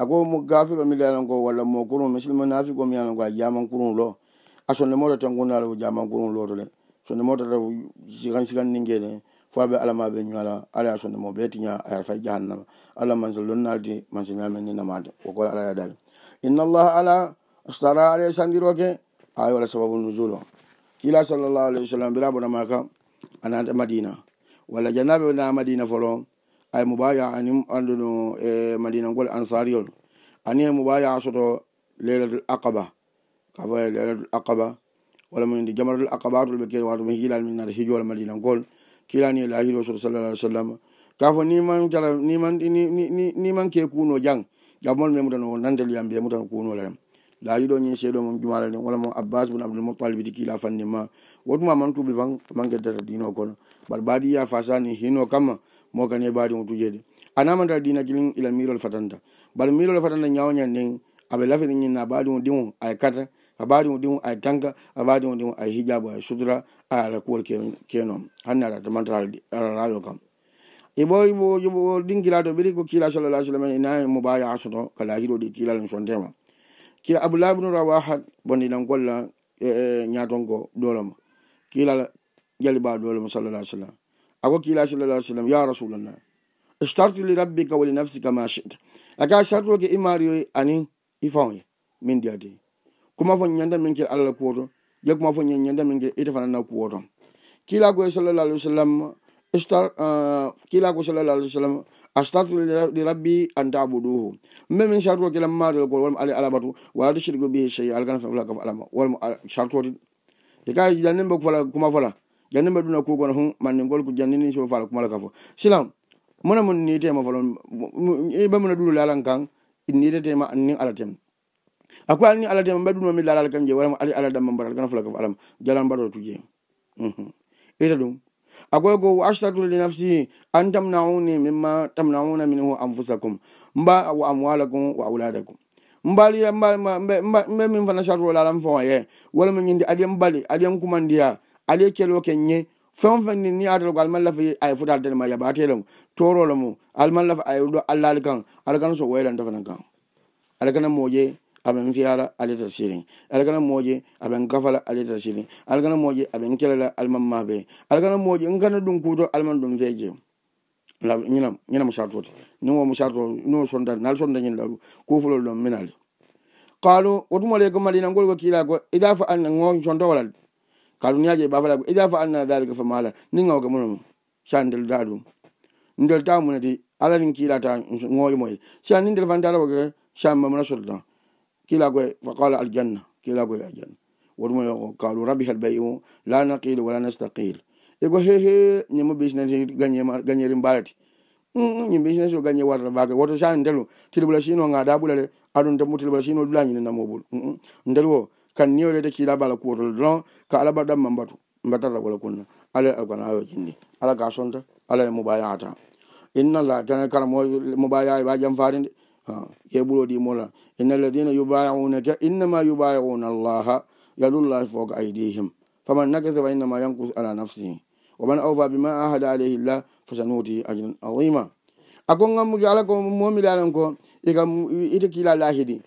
ako mo gafiro mi lelongo walla mo kurun misilma nafi ko mi yalongo a jaman kurun lo a sonne moto ten gunnale o jaman kurun lo to le sonne moto ta sigan sigan ninge ne fa be alama be nyala ala a sonne mo be tinya a fa jahannama ala man so lonnalti man so nyame ni namade o ko ala ya dal inna allah ala astara ala sandiroke ay wala sababu nuzulo kila sallallahu alaihi wasallam bira bona maka anata madina wala janabe na madina folon ay mo baya anim anduno e madinangol ansariol ani e mo baya soto leilatul aqaba kafaye leilatul aqaba wala mide jamaratul aqaba tol ɓe kee watomo hiilal min nata hijowal madinangol kiilani e lahiliwo soto sallah alah w sallam kafa niman tara niman niman ke kuno jang jabmol mi mutano nanteliyam mbiye mutano kunolarem layiɗo ñin seeɗo mom jumala ɗen wala mom abbas bun abdoulmoutalibi ti kiila fannima wotuma mantuɓe fan mangeddata dino kono bat baɗiya fasani hino kamma mogane baɗi mo e tujede anama nder dina kilin ila miilol fatanta bara miilol fatanta ñawñan nden aɓe lafini ñinna baɗi mo dimo ay e kata a baɗi mo dimo ay e tanka a baɗi mo dimo ay hijabu ay sutura a ala kuwol kenon hanne aɗata mantaralde ala rayo kam ibo ibo ibo ɗinkilato ɓiri ko kiila sallalla ai sallam ina mo ba yasoto kala hiroɗi kiilalen sontema kila aboulabinu rawahat bondinan kolla ñaton ko dolama kiilal ƴali ba dolama sallalla ai sallam akokila sallah ali sallam ya rasulallah istartu li rabbika wa linafsika ma shita aka sartoke imario ani ifawye min diyate kuma fo ñanda min kel alala kuwoto ye kuma fo ñanda min kel ite fananna kuwoto kila koye sallallah alih wa sallam istar ah, kila ko sallallah alih wa sallam astartu li rabbi an tabuduhu mbe min sartoke lam mario ko walmo ali alabatu wala tushirgu bihi shay alkana fe fla kafo alama walmo ah, sartoti ka jannimbe kufala kuma fola jannde mbaɗ ɗuna kuugono hun manndingol ko janndini so fala kumala ka fo silam mona mo niitema falon ɓamona ɗuno laalan kan niitetema anni alatem a ko alni alatema mbaɗ ɗunomi laalal kan je warama ali aladamma mbaɗal kana fala ka fo alama jalan mbaɗo tuje mhm. ita ɗum akoy e ko ashtatu li nafsi an tamnauni mimma tamnauna minhu anfusakum mba wa amwalakum wa auladakum mbaliyambe min fana chaturo laalan fowaye walla mi ñindi aɗiyam mbali aɗiyam kumandiya ali keloo ke ñe fen fen ni ni atalo ko almalla fa ay futal tene ma yabatelo ngo torolo mo almalla fa ay do allah kan alkan so wayla ndafa nan kan alkan moje aben fiyala ali ta sirin alkan moje aben gafala ali ta sirin alkan moje aben kelala alman ma be alkan moje ngana dun kuto alman dun feje la ñina ñina mo sarto ti ni mo mo sarto no son dal nal son dañin lalu ko fulo lo minale qalo wotumo le ko madina ngol ko kila ko idafa an ngon son do walal ka duniyaji ɓa fala ida fa anna dalika fa mala ni ngawga munum san del da dum ndel ta mun di ala ni kila ta ngoy moy san ndel fan dalo ga san ma mun sulta kila go fa qala al janna kila go al janna wadum yo qalu rabbi hal bayu la naqil wala nastaqil e go he he ni mo bisna ni ganye ma ganye rim balati ni mo bisna so ganye warra baga wato san ndelu tilbula sino ngada bulale adun tamutil bulashino dulani na mobul ndelwo kanni wolede kiila bala kuwotole don ka alabar dan mambatu mbatarra wala kunna ala alkana ayo jindi ala ka sonta ala mo baya ata inna la tan kar mo mo baya ba jam faade de ha ye bulo di mola inna alladina yubayuna ka inna ma yubayuna allah yadullahi fawqa aydihim faman nakatha fa inna ma yanqus ala nafsihi wa man awfa bima ahada alayhi allah fasanuti ajran azima akon ngam gi ala ko momi dalan ko e kam ite kila lahidi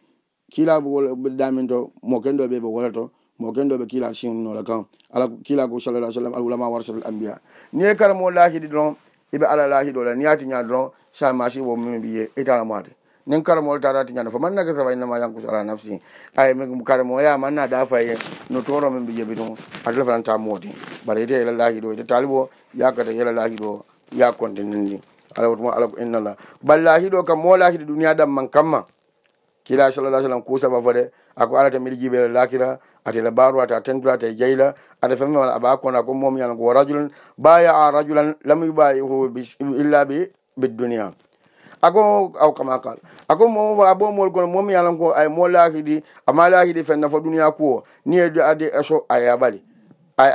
kilaɓedamin to mo kendo ɓe ɓe wola to mo kendo ɓe kila sinnore kan ala kila ko sallah sallam alulama warsat l ambiya ni e kara mo lahiɗi ɗon eɓe ala lahiɗo la ni yatiña ɗon sa masi wo mime mbiye etara mo ate nin kara mo tata tiñano fo mannake sa fayinama yankus ala nafsi ay kara mo ya manna da faye no toro min mbi jeɓi ton atala fananta moote bara ete yela lahiɗo ete talibo yakkata yela lahiɗo yakkonte nandi ala wotumo ala ko innallah ba lahiɗo kam mo lahiɗi duniya ɗam man kamma kila sallah sallam kusaba fo de ako alata mbiɗa jiɓele lakira atela baro ata tendura ata jeyla aɗa femmewal aɓa kona ko momiyan ko rajulan baya a rajulan lam yubaihu illa bi bi dunia ako aw kama kal ako mo aɓomol kono momiyalan ko ay mo lakiɗi ama lakiɗi fenna fo duniya kuwo ni e ade eso ay aɓali ay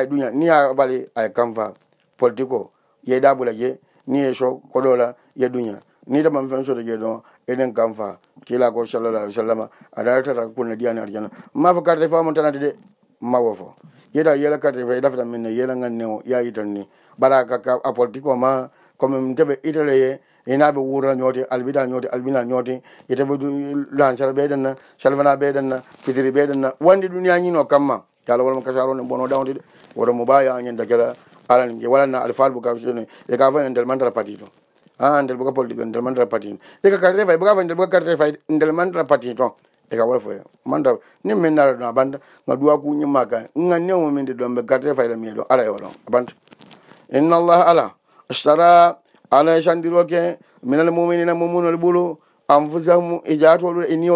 a duniya ni aɓali ay kamfa politique o yeyɗa ɓula je ni eso koɗola ye duniya ni tamam fen soto je ɗon eɗen kamfa kila ko sallallah alih w sallama aɗa artata kulne ɗiyani arjana ma fo karte fo amon tanade de mawo fo yeda yela karte fo yelafata min ne yela ganne o ya yitanni mbaɗa kakka a politique o ma comme teɓe italeye inaɓe wuura ñooti albida ñooti albina ñooti yeteɓe lancar ɓeɗenna salvana ɓeɗenna fitiri ɓeɗenna wonde duniya ñino kamma yaala wolmo kasaro ne ɓono dawde de woto mo ɓaya añen dakela alani walanna aɗa falbo kaone e ka fo enen ndel mantara patito ah ndel boka politique ndel mandra parti deka karate fay boka ndel buka karte fay ndel mandra parti to e ka wolfo mandra ni men na na banda na duwa ku nyi maka nga ne mo men de do be karte fay la mi do ala yoro banda inna allah ala ashtara ala ke min al mu'minina mu'minu al bulu anfusahum ijatu ini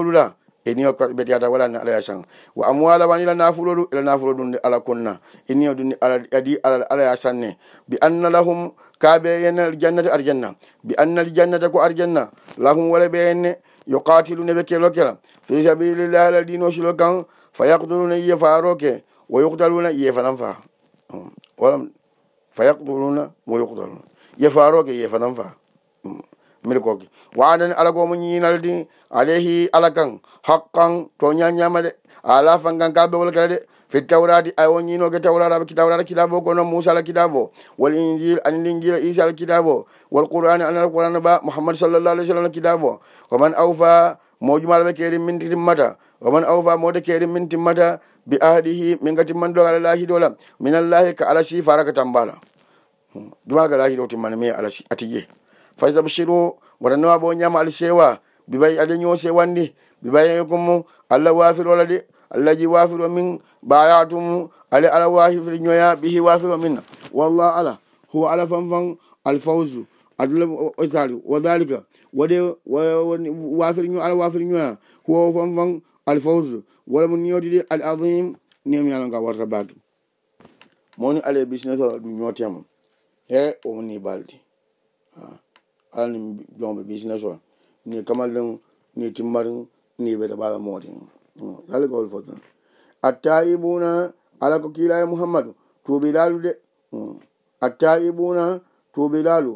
eniyo beti ata wala na ala ya sang wa amwala wanila nafulu ila nafulu dun ala kunna iniyo dun ala adi ala ala ya ne bi anna kaɓe yenna aljannata arjanna bi anna aljannata ko arjanna lahum wala ɓe yenne yuqatiluna ɓe kelo kela fi sabilillah ala dino silo kan fa yaktuluna iye faroke wo yuktaluna iye fanan fa hmm. walam fa yaktuluna wo yuktaluna iye faroke iye fanan fa hmm. mbiɗa koke waadani ala komo ñinalde alayhi ala kan haqqan to ñañamade ala fangan kaɓe wala kala de fi tawrati ay won ñinoke tawrata ki tawrata kitabo kono moussa ala kitabo wal injil ani linjila isa ala kitabo wal qurani ani al qurana ba mouhammad sallallah alih w sallam ala kitabo oman awfa mojumalaɓe keeri min timmata oman awfa mode keeri min timmata bi ahdihi min hmm, ga timmanɗo ala lahi ɗola min allahi ka alasi fara ka tambala dumaga lahi ɗo timmana mi alasi atije fastabchiru wata nowa bo ñama ala sewa bibay ade ño sewanndi bibay kommo allah wafirola de allah ji wafiro min bayatumu ala ala wafifre ñoya ɓihi wafiro minna walla ala huwa ala fanfan alfausu adulam osar wadalika waɗe wafir ño ala wafir ñoya huwa fanfan alfausu wala mu ñotiɗe al adim niam yalonga warta bake moni ala bisinesa ɗum ñotema he omuni balde ala ni jomɓe business o ni kamal ɗen ni timmaten ni ɓeta ɓala mooten yalli hmm, gawol fotna attaibuna ala ko kilae muhammadu tuɓi laalu de mm. attaibuna tuɓi laalu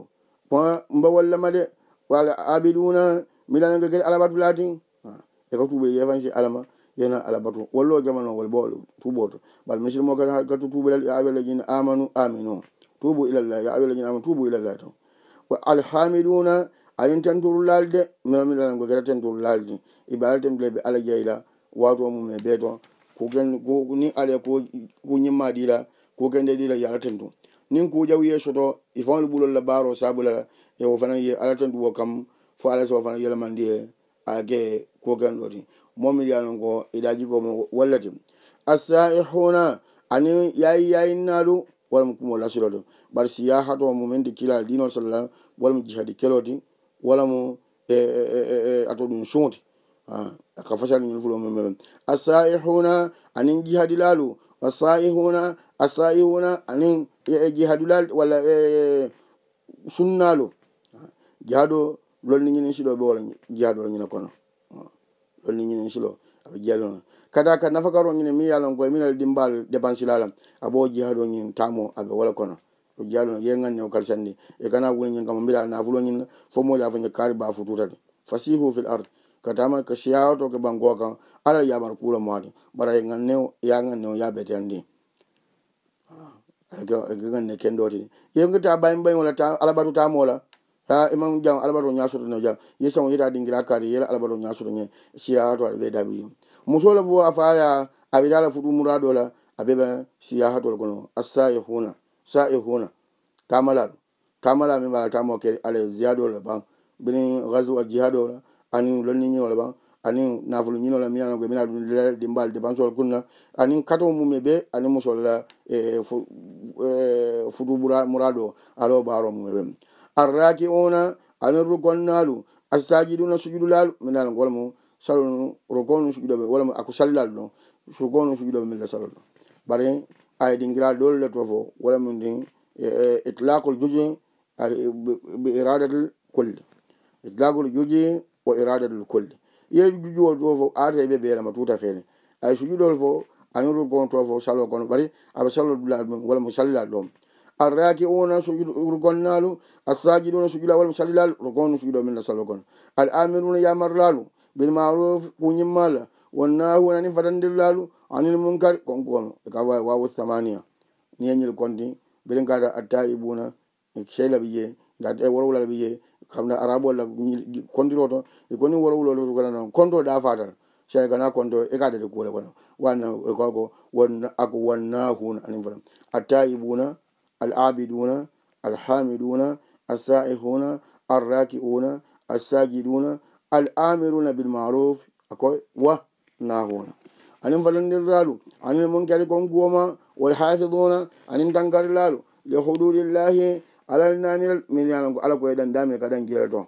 mbo wallama de wala abiduna milanage kedi alabatu laati eko tuɓe yefanci alama yena alabatu wallo jamano wal bo tuɓoto bal misil mo kadi hakatu tuɓilal yaawelajina amanu aminu tubu ilallah yaawelajina amanu tubu ilallah taw wa alhamiduna anin tenturu laalde mimilanago kede tenturu laalde ibaala tenduleɓe ala jeyla waato mum e beeton kugelni ala ku ñimma ɗila ku gende ɗila yalaten du nin ku ƴaw yeeso to i fawli ɓulol la baaro sabula e o fana ye alaten duwo kam fo ala so fana yelamandi ye a ge kugel ɗo ti momi ɗiya non ko iɗa jigomo wallati assaihuna ani yayi yayinnaɗu walam kumo lasiro to bar siyaha to mumen di kila dino sallam walam jihadi keloti walamu e, e, ato ɗum suuti Ah, ka facal ñin fulo memeɓen asaihuna anin jihadi lalu asaihuna asaihuna anin e, e jihadu lal walla e, e sunnalu ah, jihado lolni ñinin silo ɓe wala jihadola ñina kono ah, lolni ñinin silo aɓe jihadona kada ka nafakaro ñine mi yalon koye minal dimbal dépense lalam aɓo jihado ñin tamo aɓe wala kono o jihado ye ganne o kalsandi e kana wuni ñin kama mbiɗa nafulo ñinna fo moƴa fo ñe kaari bafu tutati fasihu fil ard katama ka shiyawato ka ban goka ala ya bar kula mari bara yin ganne ya ganne ya bete ndi ah, ga ganne kendo ti yin ta bayin bayin wala ta albatu ta mola ta imam jam albatu nya sura jam yisa mun yita dingira kari yela albatu nya sura ne shiyawato be dabi musola bo afaya abidala fudu murado la abeba shiyawato gono asaihuna saihuna kamala kamala mi bala tamo ke ale ziyado la ban binin ghazwa jihadola la anin lonni ñinola ɓan anin nafolu ñinola miyana ko mina ɗum lelere ɗi mbaali dépensol kunna anin kato mum e ɓe anin musolla futu muraɗo alo ɓaro mum e ɓe arraki ona anin rugonnalu asaji ɗum no sujudulalu minano ko walamu salonu rugonu sujuɗoɓe walamu ako sallal ɗo rugonu sujuɗoɓe milla salol ɗo bare ay ɗinguiral ɗolle to fo walamu ndin itlakol jojin ɓe radatel kolli itlakol jojin o irada ɗum kolli yeeru juƴuwol to fo arata eɓe ɓeerama tuta feere ay so juɗol fo anoru gonto fo salo gono ɓari aɓa sallo ɗulaɗ ɗum walla mo sallilaɗ ɗoon arraki ona so urgonnalu asaji ɗona so ƴula walla mo sallilalu rogonno so ƴuɗo minna salo gono al amiruna yamar lalu ɓin maruf kuñimmalla wonnahu wonani fatandir lalu anil munkar konkono e ka wawi wawo tamania niyañil e kondi ɓirin gada attaibuna e selaɓiye garde worowulal wiye kamɗa arabe walla kondiro to e goni worowulol kona noon kondo ɗa fatata sey gana kondo ekadede kuule kono wanna e kako ako wannahun anin fota attaibuna al abiduna alhamiduna assaihuna arraki'una assajiduna al amiruna bilmaruf ako wa nahuna anin falandirlalu anin munkari kon guoma walhafiduna anin tankarlalu li hududillahi alal nanel min yalongo ala ko yidan e dami kada ngel to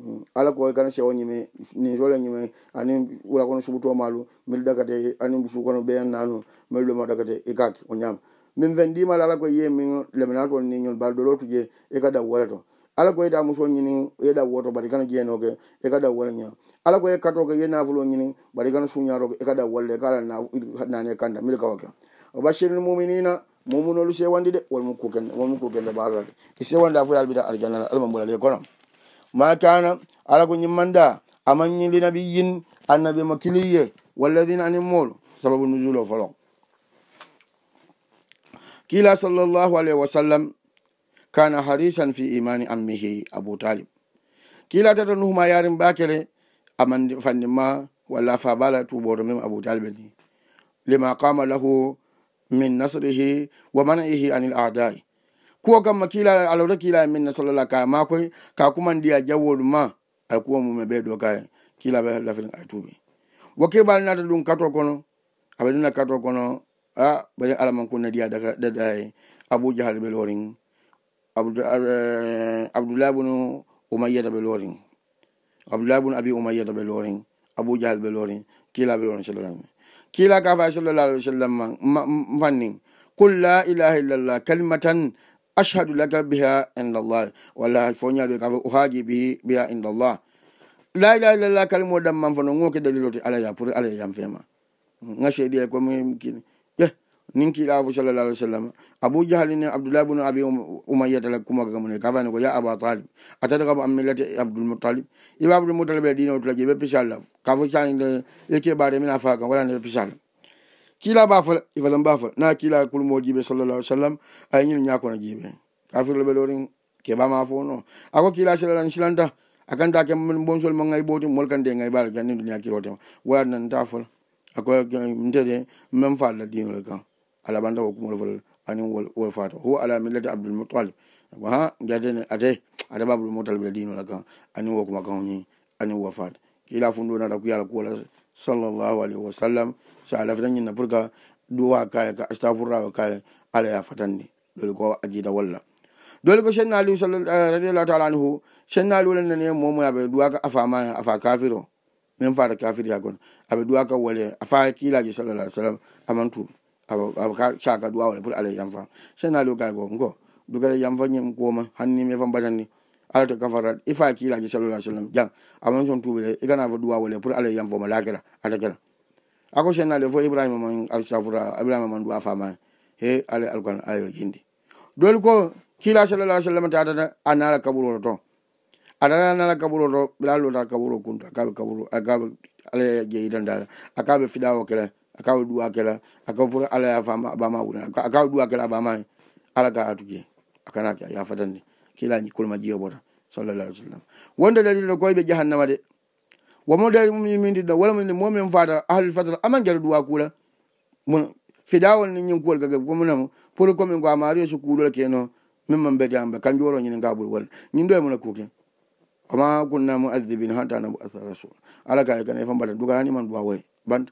mm, ala ko e kan se woni me ni jole ni me ani wala ko subuto malu mil daga de ani busu ko be yan nanu mil do ma daga de ikak e o nyam min vendi mal ala ko yemi min le menato ni nyol bal do lotu je e kada wala to ala ko yida muso ni ni e da woto bari kan je no ke e kada wala nya ala ko e kato ke yena fulo ni ni bari kan su nya ro e kada wala kala na nanel kanda mil ka o ke o bashir mu'minina momunolu sewandi de wolmu kugende barorade i sewandi fo yalɓita aljannal almabulale kono ma kana ala ko ñimmanda amañinli nabiyin annabi mo kiliye walladina animolu sababu nusul o folon kila sallllahu alayhi wa sallam kana harisan fi imani ammihi abou talib kila tata nuhuma yarin bakele amandi fandima walla fabala tuboto mem abou talibe ni lima qama lahu min nasrihi wamanaihi anil adai kuwa kamma kilaa alawta kilaa e minna sallalah kaya makoy ka kumandiya jawwolu ma alkuwa mume ɓe ɗo kaye kilaɓe lafrin ay tuuɓi wo kebal nata ɗum kato kono aɓe ɗuna kato kono a ɓaɗi alaman kunna diya dadaye abou diahal ɓe lorin abdoulahi e, bunu umayyata ɓe lorin abdoulahi bunu abi umayyata ɓe lorin abou diahal ɓe lorin kilaɓe lorin sallalahmin كي لا كافا صلى الله عليه وسلم مفنن قل لا إله إلا الله كلمة أشهد لك بها عند الله ولا فونيا لك أهاجي به بها عند الله لا إله إلا الله كلمة دم مفنن وكي دليلوتي على يا بوري على يا فيما نشيدي أكو ممكن ninkiɗa fo sallallah alih wa sallam abou jahaline abdoulah bnu abi um-, umayyatala kumaga mune kafani ko ya aba talib atata kam an millate abdoulmoutalib iba abdoulmoutalib e ɗino tulaji ɓe pisalla kafo cagde yeke ɓare mina fakam walane ɓe pisalla kila bafala ifalam bafala na kila kulmo jiɓe sallallah alih w sallam ay ñin ñakona jiɓe kafirloɓe ɗorin keɓama fo no ako kila sallalah silanta a kanta ke bon sol ma gay ɓoti molkande gay ɓara jandi duniya kirotema waya nanta fola ako mtede même fa la dinole kam ala banta wokumolwol anin wol fata ho ala millati abdulmutalib ko ha jadene ate ada babu mo talbe dino la kan ani wo kuma kan ni ani wo fat kila fundo na da ku yala kula sallallahu alaihi wasallam sa ala fadan yin na burka duwa kay ka astafurra wa kay ala ya fatan ni dol ko aji da walla dol ko shenna ali sallallahu eh, alaihi wa ta'ala anhu shenna ali lan ne mo mo ya be duwa ka afa ma afa kafiro men fara kafir ya gon abe duwa ka wale afa kila ji sallallahu alaihi wasallam amantu caga ɗum awale pour alay jam fam sena lo gay go go dugale jam fa ñem kuoma hanni me fam batanni alata kafarat i fa kilaji salalah aw sallam jang aman son tuɓele i gana fa ɗum awale pour alay jam fama lakira ata kera ako sena le fo ibrahima man astafura ibrahima man ɗum a fama he alay alquran ayo jindi doli ko kila salalah aw sallam tatata a nala kaɓuroto to adana nala kaɓuro to ɓilaloda kaɓuro kunta kaɓe kaɓuro akaɓe alay jeyidandala akaɓe fiɗawo kelen akawo ɗu akela akawo pour ala ya fama abama wuri akawo ɗu akela abama ala ka atuke akana ke ya fatande kila ni kulma jiyo bota sallallahu alaihi wasallam wonde dali no koy be jahannama de wamo dali mum yimindi do wala mum mo mem fata ahli fatal aman jaru duwa kula mun fidawol ni nyin kul gaga ko munam pour ko min ko amari so kulol ke no min mam be jamba kan joro nyin ngabul wal nyin do mun ko ke ama kunna muadhibin hatta nabu asrasul ala ka ga e ne fambal duga ni man duwa we band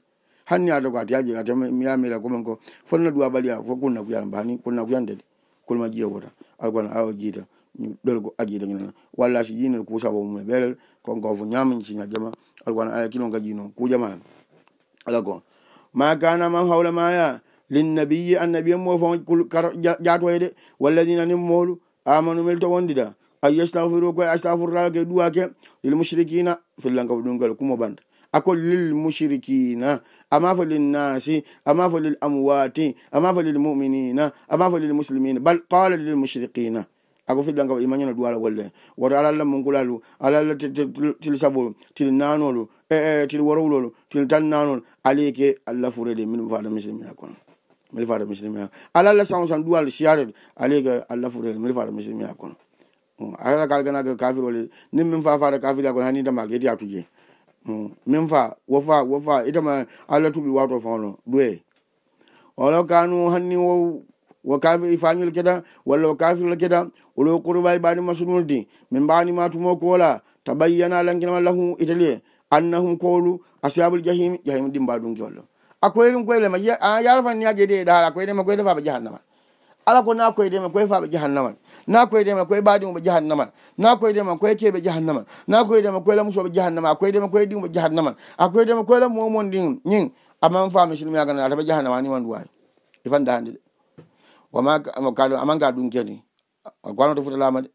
hanni ada ko ati aje ata mi ya mila komen ko fonna duwa balia fo kunna kuyan ba ni kunna kuyan de kulma jiya wota alkon awo jiita ni dol ko ajiita ngina walla si jiina ko sabo mum e bel kon ko fo nyam ni sinya jama alkon ay kino ngaji no ku jama alkon ma kana man hawla ma ya lin nabiyyi an nabiyyi mo fo kul kar jaato ede walladina nim molu amanu mel to wondida ay yastaghfiru ko astaghfiru ke duwa ke lil mushrikina fil lanka dungal kumo banda ako lil mushrikina ama fo lil nasi ama fo lil amwati ama fo lil muminina ama fo lil muslimina bal qala lil mushrikina ako fillanga imañana duwala golle woto alalla munkulalu alalla til sabolu til nanolu e, e, til worowlolu til tan nanolu alike alla furede min fada muslimina kono mil fada muslimia alalla san san duwal siyarede alike alla furede mil fada muslimia kono hm, aala kalganage kafir wole nin min fa fada kafir ya kono hanidamaga yetiya tuje Hmm. min fa wofa wofa itama allah tuɓi wato fano ɗoye olo kanu hanni wo wo kafir ifañol keɗa walla wo kafirol keɗa olo kurbay ɓani masunulde min mbanima tumo koola tabayyana lankinama lahu italie annahum koolu asabul jahim jahim ɗimba ɗum kewallo akoyrum koylema yarfanniya jeede ɗaala koyɗema koyde faaɓa jahannama ala ko nakoyedema koye faɓe jahannamal nakoyedema koye ɓaɗimoɓe jahannamal nakoyedema koye keɓe jahannamal nakoyedema koye lamusoɓe jahannama akoyedema koye ɗimoɓe jahannamal akoyedema koye lamu momon ɗin ñin aman fami silmi agana ataɓe jahannama niman duwawi ifanda hande ɗe wamaka amanga ɗum kedi agwanoto fota lama de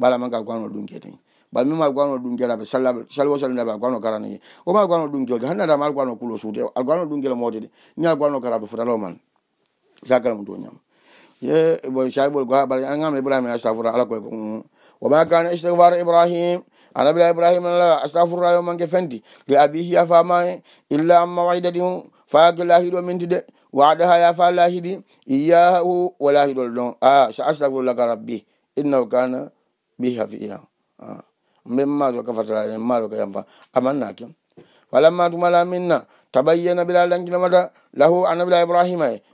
ɓala amanga gwanoo ɗum kedi bal mima al gwanoo ɗum kelaɓe sallaɓe salwo salinaɓe algwano karaneye woma al gwanoo ɗum kelde hannada ma al gwano kulo suude algwano ɗum kela mode de ni al gwano karaɓe fotalomal sakala mu to ñama ye shaibul go bal an ngam ibrahim astaghfirullah ala ko ko wa ma kana istighfar ibrahim ana bila ibrahim la astaghfirullah yo mangi fendi li abihi afa ma illa amma waidatu fa gilahi do min de وعدها يا فلاهدي إياه ولا هدول آه سأستغفر لك ربي إنه كان بها فيها آه. مما ذوك فترة مما ذوك ينفع أمنا كم فلما تملا منا تبين بلا لنجل مدى له أنا بلا إبراهيم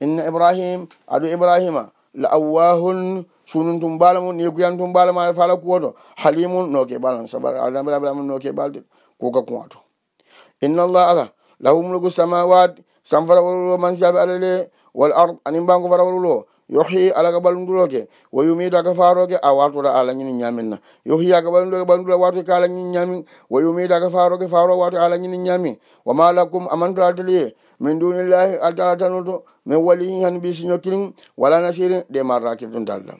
inna ibrahim adu ibrahima la awahun sunum tum balamu neguyan tum balama fala kuwoto halimun noke balan sabaraaaaa noke balde kuga kuwato inna allah ala lahu mulku samawat sam farawolulo mansiabe alale wal ard anin bango farawolulo yohi alaga balunduloke wa yumidu aga faroke a wartoto alañini ñamin na yohi aga balunduloke balundulo warto ka alañini ñamin wa yumidu aga faroke faro warto alañini ñamin wama lakum amantalatelie min dunillahi altala tanoto min wali hin han bisi ñokkirin wala nasirin ɗe marrake ton talla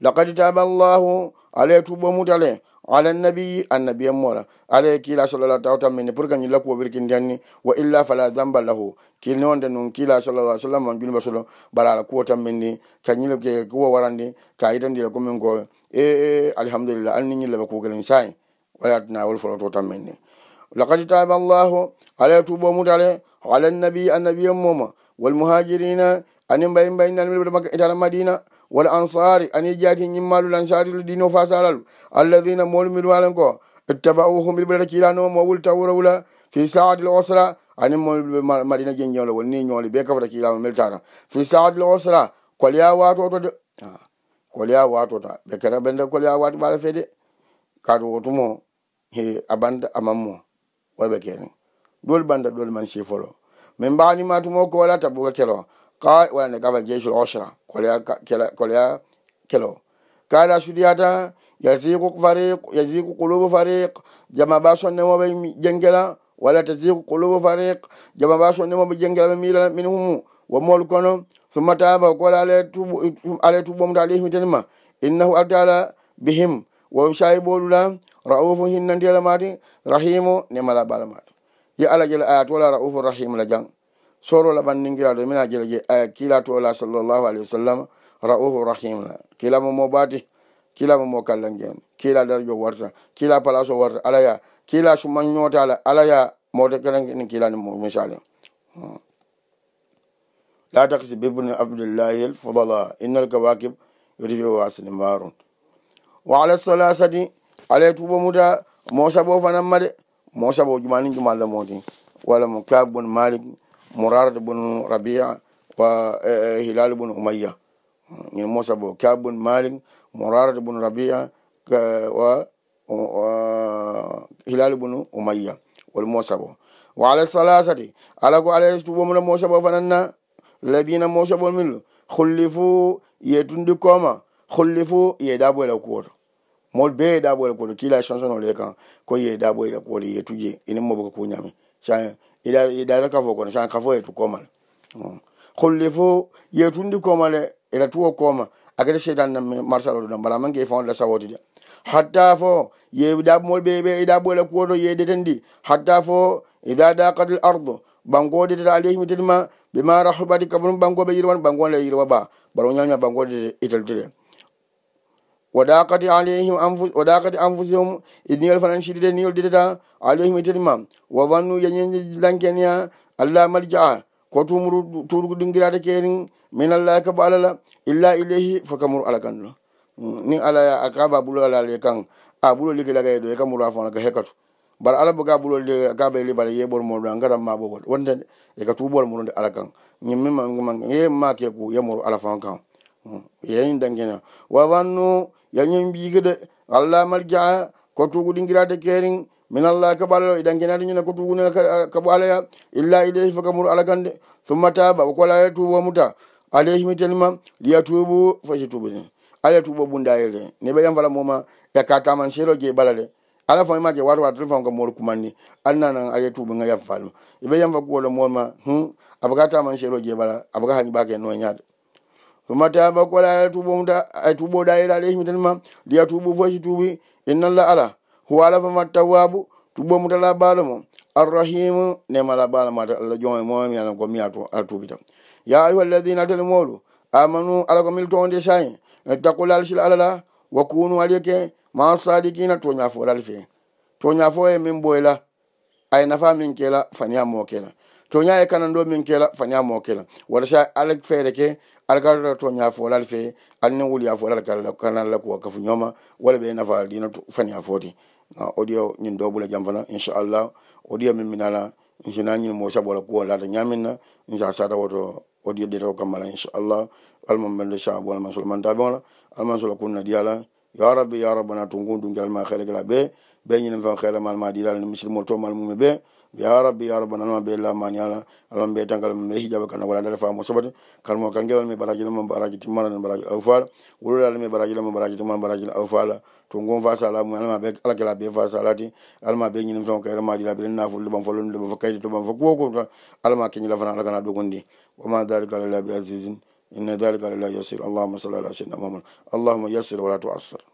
lakad taba llahu ala tuɓo mutale ala nabiyi annabiyen mora ala kila sallalah taw tammini pour que ñilla kuwo ɓirkintanni wa illa fala damba lahu kilni wonde nun kila sallalah sallam man junuba solo bara ala kuwo tammini ka ñil kuwo warandi ka yitandila commin ko e, e, e alhamdulillah anni ñillaɓa kugelin sayi walatna wol foloto tammin ni lakad taba allahu ala tubo mutare ala nabi annabiyen moma walmuhajirina ani mbaymbaynaitara madina wal ansari ani jaati ñimmalu lansarilu dino fasaralu alladina molumir walan ko ittabauhu milɓeɗa kiranoma mo wuli tawrawla fi saati l osra ani molɓe madina jenjeola woni ni ñooli ɓe kafata kirano miltara fi saati l osra kolya watotode kolya watota ɓe kera ɓenda kolya wati ɓala feede kato wotumo he abanda amanmo wayɓe kene ɗol banda ɗol man sifolo min mbanimatumo ko walata buga kelo ka walane gafa jeisul osra koleya kelo kala sudiyata yaziku fariq yaziku kulubu fariq jama ba sonnemoɓe jengela wala taziku kulubu fariq jama ba sonnemoɓe jengela ɓe mila minhum wa mol kono summa taba kola ala tuɓomta ala himitenima innahu altala bihim wo sayiɓoɗula raufu hinnandiyala maati rahimu nemala ɓala maato yo allah jele aya to wala raufu rahimu la jang soro laɓan ningiraɗo mina jele je aya kila to wala sallllahu alayhi wa sallam raufu rahimu la kilamo mo ɓaati kilamo mo kallangen kila darjo warta kila place o warta alaya kila suman ñootala alaya mote kerenin kilani misali hmm. la taksi bibni abdullahi l fodala innal kawakib yorifi wasani marun wa ala salasati ala tuɓo muta mosaɓo fanamma de mosaɓo jumani jumalla moti walla mo kab bon malik mo rarde bon rabia wa e, e, hilal bon umayya in mosaɓo kab bon malik mo rarde bon rabia wa hilal bon umayya wol mosaɓo wa ala salasati ala ko ala tuɓo muta mosaɓo fananna ladina mosaɓo millu hullifu ye tundi koma hullifu ye daɓo ela kuwoto mo be ye daɓo la kuwolu kiila chanson nole kan ko ye daɓo la kuwolu ye tuje ine mo boka ku ñami san idata kafo kono san kafo ye tu komale xolle mm. fo ye tundi komale ila tuwo kooma agata seitan na marsal odu dam bala manke fawo la sawoti de hatta fo ye daɓo mo be be daɓo la kuwolu ye detendi hatta fo ida daqat l ardo banko detete alayhim tetima ɓe ma rahubati kabanu banko ɓe yirwan banko la yirwa ba bara o ñañoa banko detete italtide waɗakati alayhim waɗakati anfusihum idniol fanan cidide niol dideta alayhim itedima wa wannu yañelankenya allah marja'a ko tumuru tuuruko ɗingirata keni min allah kabo alala illa ilayhi fo kamuru ala kanɗo ni ala akaba ɓulol ala le kan a ɓulol ligilaga ɗo e kamuru a fonaka hekkatu bara ala boga ɓulol kaba ele bara yeɓor moɗo a gaɗan ma ɓogol wonde e ka tuɓol moɗode ala kan ñimmima ye ma keku yemoru ala fan kan yeñi dankene wa wannu yañum mbiyike de allah malja ko tuguɗi guirade keerin min allah kaɓalalo eɗan genade ñana ko tugune kaɓalaya illa ilayhi fa kamuru alakande summa taba wokolaya tuba muta alayhimi telma liya tubu faye tubude aya tuba bundayele neɓe yam fala moma yakka e taman seelo je ɓalale ala fam ima je wata wata tefam ka moolo kumanni annanan aya tuba ga yafa falma eɓe yam fa kuwolo moma hmm, abaka taman seelo je ɓala abaka hañi ɓake noñade ثم تاب وقال أتوب دا إلى عليه مثل ما ليتوب فوش توبي إن الله على هو على فما التواب توب متلا بالم الرحيم نما لا بالم الله جوم مهم يعني قومي أتوب يا أيها الذين أتلمون آمنوا على قميل توند شاي اتقوا الله لشي الألا وكونوا عليك مع الصادقين تونيا فور الفي تونيا فور من بويلة أي نفا من كلا فنيا موكلا تونيا يكنا دو من كلا فنيا موكلا ورشا ألك فيركي alkalata to ñafolal fe anne wuli yafolal kanalla kuwa kafu ñoma wala ɓe nafa dina fania foti oɗiyo ñin do ɓula jam fana inchallah oɗiyo min minala sina ñin mo sabola kuwa lata ñaminna insa sata woto oɗiyo ɗeta o kammala inchallah almaɓende sabo almansolamantaɓeola almansola kunna diyala ya rabbi ya rabbana tungundu jalma xeregla ɓe ɓe ñinen fan xeremalma diɗal ne misilmol to malmume ɓe ya rabbi ya rabbi nanma be lamani ala alam be tangal mum yahi jaba kana wala dara famo sobat kar mo kan gelal me baraji lamma baraji timmana den baraji aw fala wulula me baraji lamma baraji timmana baraji aw fala to ngom fa sala mum alma be ala kala be fa salati alma be nyinum fon kay rama dila bilna ful dum fon dum fakay to bam fakko ko alma kin la fana kana do gondi wa ma dalika la bi azizin inna dalika la yasir allahumma salli ala sayyidina muhammad allahumma yassir wa la tu'assir